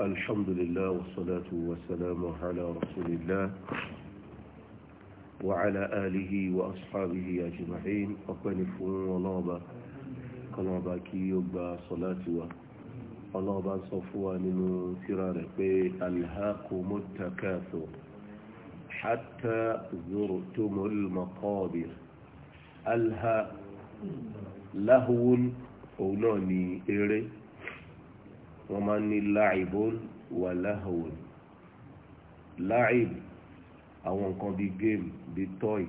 الحمد لله والصلاة والسلام على رسول الله وعلى آله وأصحابه أجمعين أقني فون ونابا قنابا كي يبقى صلاة ونابا صفوان من فرارك ألهاكم التكاثر حتى زرتم المقابر ألها لهو أولاني إري wọ́n máa ń ní láìbón wà láhùn láìb àwọn nǹkan bíi géèmù bíi tọ́ì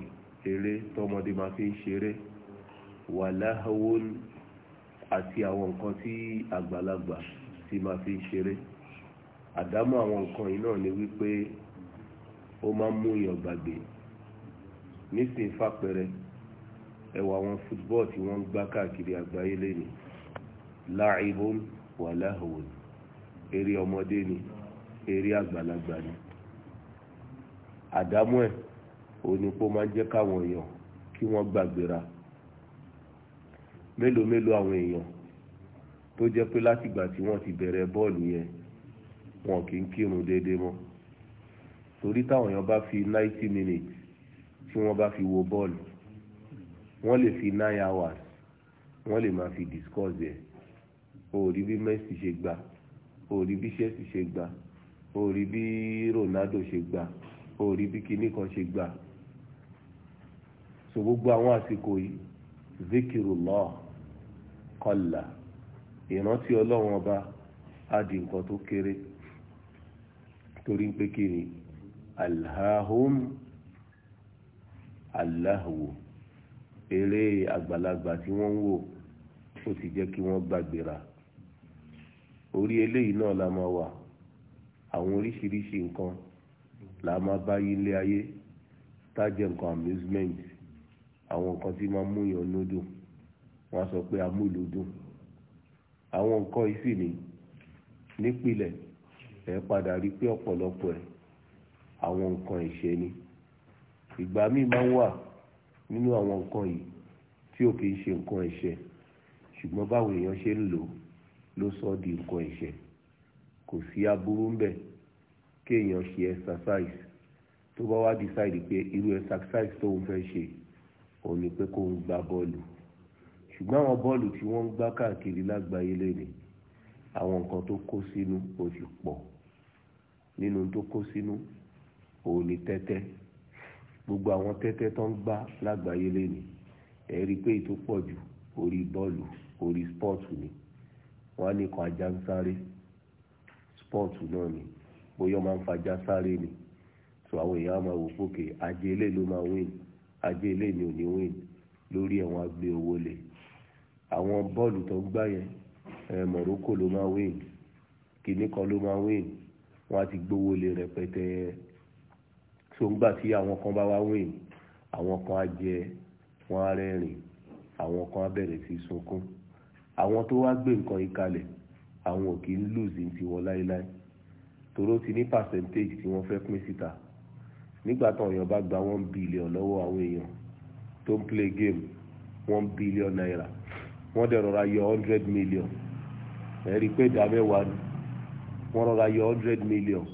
eré tọ́mọdé máa fi ń ṣeré wà láhùn àti àwọn nǹkan tí àgbàlagbà ti máa fi ń ṣeré àdámọ̀ àwọn nǹkan yìí náà ni wípé ó máa ń mú èèyàn gbàgbé nísìnyí fàpẹrẹ ẹwà àwọn fútbọ́ọ̀ tí ń gbá káàkiri àgbáyé lẹ́nu láìbón wà láhùn eré ọmọdé ni eré àgbàlagbà ni àdámọ́ ẹ̀ onípo máa ń jẹ́ káwọn èèyàn kí wọ́n gbàgbéra mélòó mélòó àwọn èèyàn tó jẹ́ pé látìgbà tí wọ́n ti bẹ̀rẹ̀ bọ́ọ̀lù yẹn wọn kì í kírun déédéé mọ́ torí táwọn èèyàn bá fi ninety minutes tí wọ́n bá fi wo bọ́ọ̀lù wọ́n lè fi nine hours wọ́n lè máa fi discuss ẹ̀ o ò rí bí Messi ṣe gbà òòrí bí Chelsea ṣe gbà òòrí bí Ronaldo ṣe gbà òòrí bí kinní kan ṣe gbà so gbogbo àwọn àsìkò yìí zikirullah kọlà ìrántí ọlọ́run ọba á nǹkan tó kéré torí pé kí ni alhahum aláhùwò eré àgbàlagbà tí wọ́n ń wò ó ti jẹ́ kí wọ́n gbàgbéra orí eléyìí náà la máa wà àwọn oríṣiríṣi nǹkan la máa bá yí ilé ayé tájẹ nǹkan amusement àwọn nǹkan tí máa mú yàn lódùn wọn á sọ pé amúlùdùn àwọn nǹkan yìí sì ni nípìnlẹ̀ ẹ padà rí pé ọ̀pọ̀lọpọ̀ ẹ̀ àwọn nǹkan ẹ̀ṣẹ̀ ni ìgbà míì máa ń wà nínú àwọn nǹkan yìí tí ò kì í ṣe nǹkan ẹ̀ṣẹ̀ ṣùgbọ́n báwo èèyàn ṣe ń lò ó ló sọ di nǹkan ẹ̀ṣẹ̀ kò sí aburú ń bẹ̀ kéèyàn ṣe exercise tó bá wá decide pé irú exercise tóun fẹ́ ṣe òun ni pé kóun gbá bọ́ọ̀lù ṣùgbọ́n àwọn bọ́ọ̀lù tí wọ́n ń gbá káàkiri lágbàáyé lónìí àwọn nǹkan tó kó sínú ó ti pọ̀ nínú tó kó sínú òun ni tẹ́tẹ́ gbogbo àwọn tẹ́tẹ́ tó ń gbá lágbàáyé lónìí ẹ pé ètò pọ̀ jù orí bọ́ọ̀lù orí spọ́ọ̀tù ni wọ́n á ní ikọ̀ ajá ń sáré spọ́ọ̀tù náà ni bóyá máa ń fajá sáré ni so àwọn èèyàn máa wò pókè ajé ilé ló máa win ajé ilé ni ò ní win lórí ẹ̀wọ̀n agbé owó lè àwọn bọ́ọ̀lù tó ń gbá yẹn Morocco ló máa win kìnní kan ló máa win wọ́n á ti gbówó lè rẹpẹtẹ so ń gbà tí àwọn kan bá wá win àwọn kan á jẹ wọ́n á rẹ́rìn àwọn kan á bẹ̀rẹ̀ sí sunkún àwọn tó wá gbé nǹkan yìí kalẹ̀ àwọn ò kì í lùzì ti wọ láéláé toró ti ní percentage tí wọ́n fẹ́ pín síta nígbà táwọn èèyàn bá gba one billion lọ́wọ́ àwọn èèyàn tó ń play game one billion naira wọ́n dẹ̀ rọra yọ hundred million ẹ rí i pé ìdá mẹ́wàá ni wọ́n rọra yọ hundred million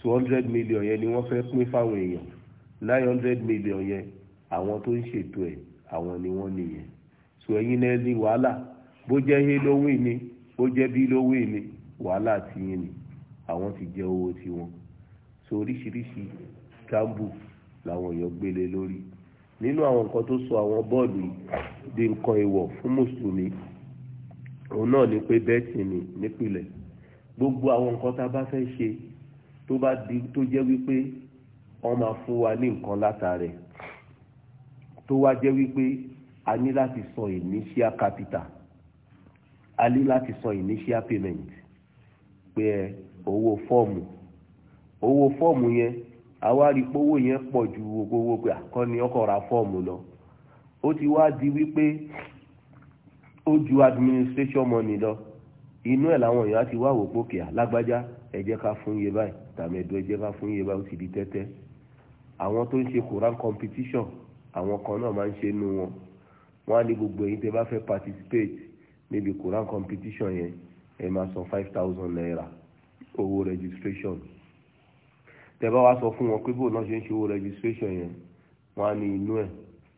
two hundred million yẹn ni wọ́n fẹ́ pín fáwọn èèyàn nine hundred million yẹn àwọn tó ń ṣètò ẹ̀ àwọn ni wọ́n nìyẹn so ẹ̀yin náà ní wàhálà bó jẹ́ he lówó ni bó jẹ́ bí lówó ni wàhálà ti yín ni àwọn ti jẹ owó tiwọn so oríṣiríṣi gambu làwọn èèyàn gbélé lórí nínú àwọn nǹkan tó sọ àwọn bọ́ọ̀lù di nǹkan ìwọ̀ fún mùsùlùmí òun náà ni pé bẹ́ẹ̀tì ni nípìnlẹ̀ gbogbo àwọn nǹkan tá a bá fẹ́ ṣe tó bá di tó jẹ́ wípé wọ́n máa fún wa ní nǹkan látàrẹ̀ tó wá jẹ́ wípé a ní láti sọ initial capital a ní láti san initial payment pé owó fọ́ọ̀mù owó fọ́ọ̀mù yẹn àwárí pówó yẹn pọ̀ ju owó pé àkọ́ni ọkọ̀ ra fọ́ọ̀mù lọ ó ti wá di wípé ó ju administration money lọ inú ẹ̀ làwọn èèyàn ti wá wò pókè lágbájá ẹ jẹ́ ká fún iye báyìí tàbí ẹ̀dùn ẹ jẹ́ ká fún iye báyìí ó ti di tẹ́tẹ́ àwọn tó ń ṣe Quran competition àwọn kan náà máa ń ṣe nú wọn wọn á ní gbogbo ẹ̀yin tẹ́ bá fẹ́ participate níbi Quran competition yẹn ẹ máa san five thousand naira owó registration tẹ́ bá wá sọ fún wọn pé bó náà ṣe ń ṣe owó registration yẹn wọ́n á ní inú ẹ̀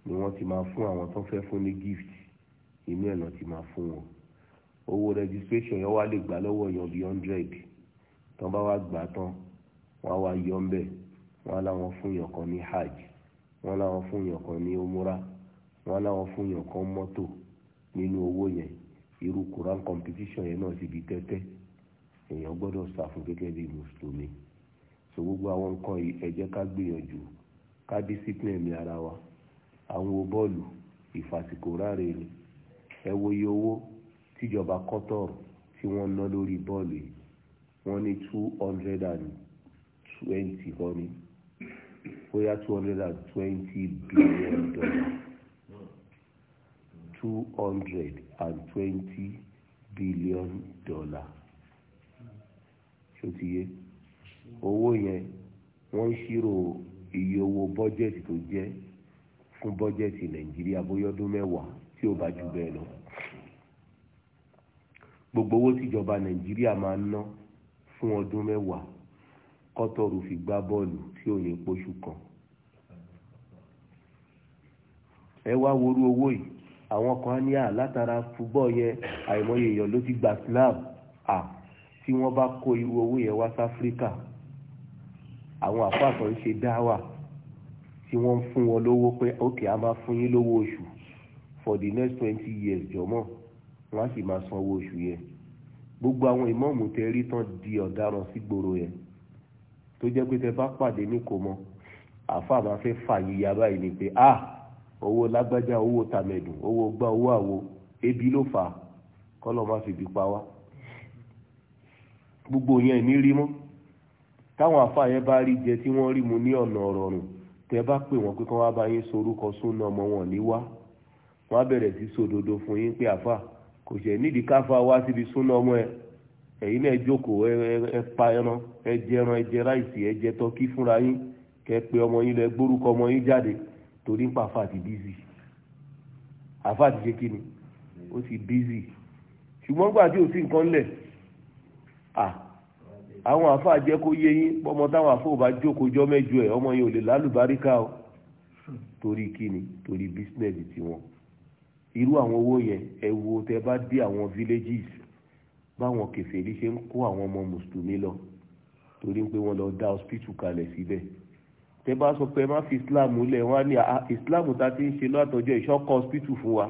ni wọ́n ti máa fún àwọn tó fẹ́ fún ní gift inú ẹ̀ náà ti máa fún wọn owó registration yẹn wá lè gbà lọ́wọ́ èèyàn bíi hundred tán bá wá gbà tán wọ́n á wá yọ ọ́ mbẹ́ wọ́n á láwọn fún èèyàn kan ní hajj wọ́n láwọn fún èèyàn kan ní omura wọ́n láwọn fún èèyàn kan mọ́tò nínú owó yẹn irú Quran competition yẹn náà ti di tẹ́tẹ́ èèyàn gbọ́dọ̀ sá fún gẹ́gẹ́ bí mùsùlùmí so gbogbo àwọn nǹkan yìí ẹ jẹ́ ká gbìyànjú ká discipline mi ara wa àwọn wo bọ́ọ̀lù ìfàsìkò ráre ni ẹ wo iye owó tíjọba kọ́tọ̀rù tí wọ́n ná lórí bọ́ọ̀lù yìí wọ́n ní two hundred and twenty kan ní bóyá two hundred and twenty billion dollars two hundred and twenty billion dollar ṣó ti yé owó yẹn wọ́n ń ṣírò iye owó bọ́jẹ̀tì tó jẹ́ fún bọ́jẹ̀tì nàìjíríà bóyá ọdún mẹ́wàá tí ó bá jù bẹ́ẹ̀ lọ gbogbo owó tíjọba nàìjíríà máa ń ná fún ọdún mẹ́wàá kọ́tọ̀rù fi gbá bọ́ọ̀lù tí ò ní poṣù kan ẹ wá worú owó yìí àwọn kan ní à látara fúbọ́ yẹn àìmọye èèyàn ló ti gba Islam à tí wọ́n bá kó irú owó yẹn wá sí Áfíríkà àwọn àpapọ̀ ń ṣe dáwà tí wọ́n ń fún wọn lówó pé ókè a máa fún yín lówó oṣù for the next twenty years jọmọ́ wọ́n á sì máa sanwó oṣù yẹn gbogbo àwọn ìmọ̀ọ́mù tẹ rí tán di ọ̀daràn sígboro yẹn tó jẹ́ pé tẹ bá pàdé ní kò mọ àfa máa fà yíya báyìí ni pé ah owó lágbájá owó tàmẹ̀dù owó gbá owó àwo ebi ló fà á kọ́lọ́ má fi bí pa wá gbogbo yẹn ní rí mọ́ táwọn afáàyẹ bá rí jẹ tí wọ́n rí mu ní ọ̀nà ọ̀rọ̀rùn tẹ bá pè wọ́n pé kí wọ́n bá yín sorúkọ súnà ọmọ wọn ní wá wọ́n á bẹ̀rẹ̀ sí sòdodo fún yín pé àfà kò ṣe nídìí káfà wá síbi súnà ọmọ ẹ ẹ̀yin náà jókòó ẹ ẹ pa ẹran ẹ jẹ ẹran ẹ jẹ ráìsì ẹ jẹ tọkí fúnra yín kẹ pé ọmọ yín lẹ gbórúkọ ọmọ yín jáde torí ń pa àfa àti bízì àfa àti ṣe kíni ó ti bízì ṣùgbọ́n gbà tí ò sí nǹkan lẹ̀ àwọn àfa jẹ́ kó yé yín bọ́mọ táwọn àfa ò bá jókòó jọ mẹ́jọ ẹ̀ ọmọ yẹn ò lè lálùbáríkà o torí kíni torí bísínẹ́sì tiwọn irú àwọn owó yẹn ẹ wo tẹ bá dé àwọn villages báwọn kèfèrí ṣe ń kó àwọn ọmọ mùsùlùmí lọ torí pé wọ́n lọ dá hospital kalẹ̀ síbẹ̀. Si tẹ bá sọ pé ẹ má fi islam lẹ̀ wọ́n á ní ah, islam tá a ti ń ṣe látọjọ́ ìṣọkọ hospital fún wa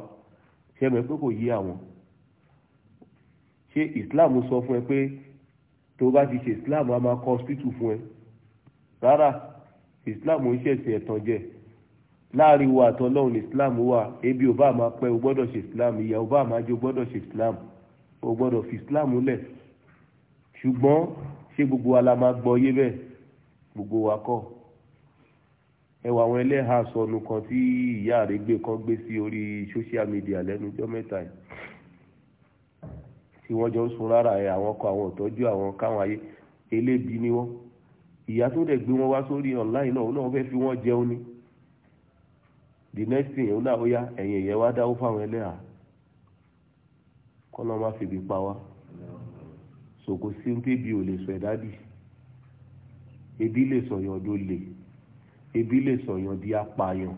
ṣe mọ̀ pé kò yí àwọn ṣé islam sọ fún ẹ pé tó bá ti ṣe islam a máa kọ́ hospital fún ẹ rárá islam ń ṣẹ̀sìn ẹ̀tàn jẹ láàrin wa àtọlọ́run islam wà ebi ò bá máa pẹ́ o gbọ́dọ̀ ṣe islam ìyà ò bá máa jẹ o gbọ́dọ̀ ṣe islam o gbọ́dọ̀ fi islam lẹ̀ ṣùgbọ́n ṣé gbogbo wa la máa gbọ́ yé bẹ́ẹ̀ gbogbo wa kọ́ ẹwà àwọn ẹlẹ́ha sọnù kan tí ìyá rẹ̀ gbé kan gbé sí orí social media lẹ́nu ọjọ́ mẹ́ta yìí tí wọ́n jọ ń sun rárá ẹ̀ àwọn kọ àwọn ìtọ́jú àwọn káwọn ayé eléèbí ni wọ́n ìyá tó dẹ̀ gbé wọn wá sórí online náà náà wọ́n fẹ́ fi wọ́n jẹun ni the next thing òun náà ó yá ẹ̀yìn ìyẹn wá dáwó fáwọn ẹlẹ́ha kọ́nà má fi ibi pa wá sòkò ń tẹ́bi ò lè sọ ẹ̀dá ebi lè sọ̀yàn di apààyàn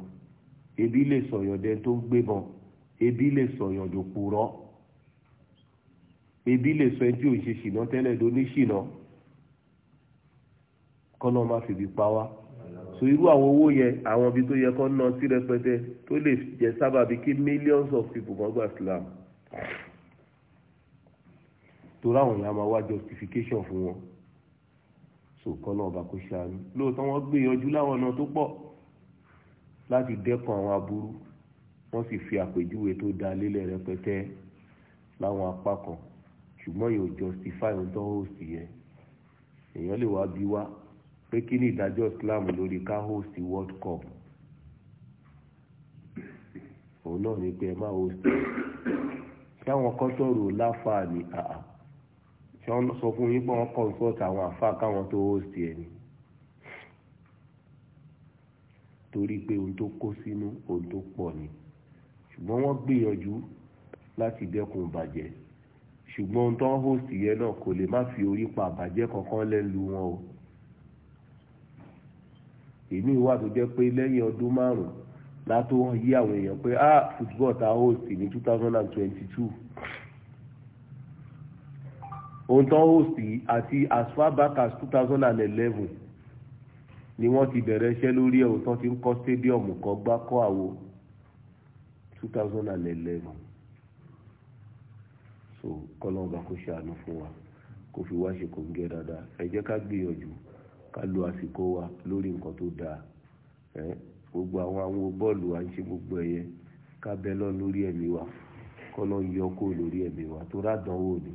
ebi lè sọ̀yàn dẹ tó ń gbébọn ebi lè sọ̀yàn dòpùrọ́ ebi lè sọ ẹjú òṣè ṣìnà tẹ́lẹ̀ lóníṣìnà kọ́nà má fìbí pa wá so irú àwọn owó yẹn àwọn ibi tó yẹ kọ́ ná sí rẹpẹtẹ tó lè jẹ sábàbí kí millions of people kan gba Islam torí àwọn yẹn a máa wá justification fún wọn sòkọ́ náà bá kó ṣàánú lóòótọ́ wọ́n gbìyànjú láwọn ọ̀nà tó pọ̀ láti dẹ́kun àwọn aburú wọ́n sì fi àpèjúwe tó dá lélẹ̀ rẹpẹtẹ láwọn apá kan ṣùgbọ́n yóò justify ohun tó host yẹn èèyàn lè wá bí wá pé kí ni ìdájọ́ Islam lórí ká host World Cup òun náà ni pé ẹ má host ṣé àwọn kọ́tọ̀rù láǹfààní àà tí wọ́n sọ fún yín pé wọ́n consult àwọn àfáà káwọn tó host ẹ̀ ni torí pé ohun tó kó sínú ohun tó pọ̀ ni ṣùgbọ́n wọ́n gbìyànjú láti dẹ́kun ìbàjẹ́ ṣùgbọ́n ohun tó ń host yẹn náà kò lè má fi orí pa àbàjẹ́ kankan lẹ́nu wọn o èmi wà tó jẹ́ pé lẹ́yìn ọdún márùn-ún látó yí àwọn èèyàn pé ah football ta host ní two thousand and twenty two ohun tó ń host àti as far back as two thousand and eleven ni wọ́n ti bẹ̀rẹ̀ iṣẹ́ lórí ẹ̀ òótọ́ ti ń kọ́ stadium kan gbá kọ́ àwo two thousand and eleven so kọ́lọ́ọ̀bá kó ṣàánú fún wa kó fi wá ṣe kò ń gẹ́ dáadáa ẹ jẹ́ ká gbìyànjú ká lo àsìkò wa lórí nǹkan tó dáa ẹ gbogbo àwọn àwọn bọ́ọ̀lù à ń ṣe gbogbo ẹ̀yẹ ká bẹ lọ lórí ẹ̀mí wa kọ́lọ́ọ̀ yọ kó lórí ẹ̀mí wa tó rádánwò ni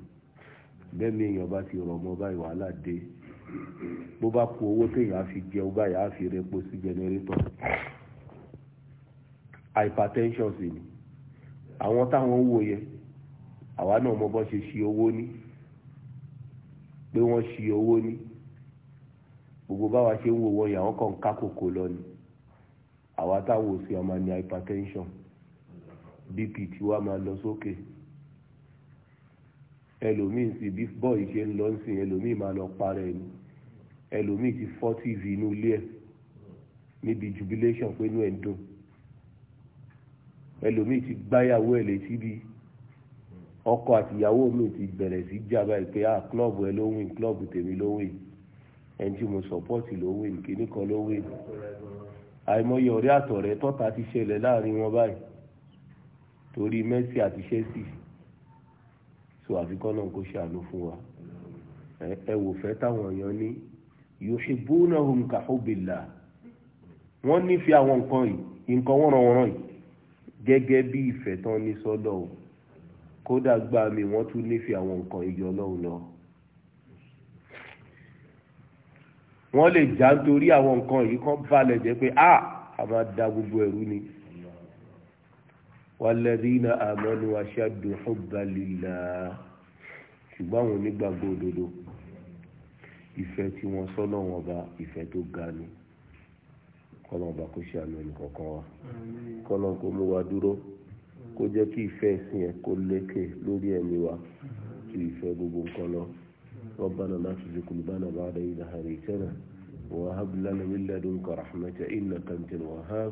bẹ́ẹ̀ni èèyàn bá ti rọ̀ mọ́ báyìí wàhálà dé bó bá kú owó téèyàn á fi jẹun báyìí á fi repo sí jẹnẹrétọ̀ hypertension sì ni àwọn táwọn ń wò yẹn àwa náà mọ bọ́ ṣe ṣi owó ní pé wọ́n ṣi owó ní gbogbo báwa ṣe ń wò wọ́n yẹn àwọn kan ká kòkó lọ ni àwa táwọn ò sí ọmọ ní hypertension bp tiwa máa lọ sókè. Okay ẹlòmíì sì bí bọ́ọ̀ì ṣe ń lọ sí ẹlòmíì máa lọ parẹ́ ẹni ẹlòmíì ti fọ́ tv inú ilé ẹ̀ níbi jubilation pé inú ẹ̀ ń dùn ẹlòmíì ti gbáyàwó ẹ̀ létí bí ọkọ àtìyàwó mi ti bẹ̀rẹ̀ sí jábá pé ah club ẹ ló win club tèmi ló win ẹni tí mo support ló win kíní kan ló win àìmọye ọ̀rẹ́ àtọ̀rẹ́ tọ́ta ti ṣẹlẹ̀ láàrin wọn báyìí torí Messi àti Chelsea so àfikọ́ náà kó ṣàánú fún wa ẹ wò fẹ́ táwọn èèyàn ní yuhibbunahum ka hubbillah wọ́n nífẹ̀ẹ́ àwọn nǹkan yìí nǹkan wọ́nranwọ́nran yìí gẹ́gẹ́ bí ìfẹ́ tán ní sọ́dọ̀ o kódà gbà mí wọ́n tún nífẹ̀ẹ́ àwọn nǹkan ìjọ ọlọ́run lọ. wọ́n lè já nítorí àwọn nǹkan yìí kan balẹ̀ jẹ́ pé ah, a máa da gbogbo ẹ̀rú ni wàlẹ́dínà àmọ́nu aṣáájú ọ̀gbàlélà ṣùgbọ́n àwọn onígbàgbọ́ òdodo ìfẹ́ tí wọ́n sọ́nà wọn bá ìfẹ́ tó ga ni kọ́nà ọba kó ṣe àmì ẹnìkọ̀ọ̀kan wa kọ́nà kó mú wa dúró kó jẹ́ kí ìfẹ́ ìsìn yẹn kó lékè lórí ẹ̀mí wa ju ìfẹ́ gbogbo nǹkan lọ ربنا لا تزغ قلوبنا بعد إذ هديتنا وهب لنا من لدنك رحمة إنك أنت الوهاب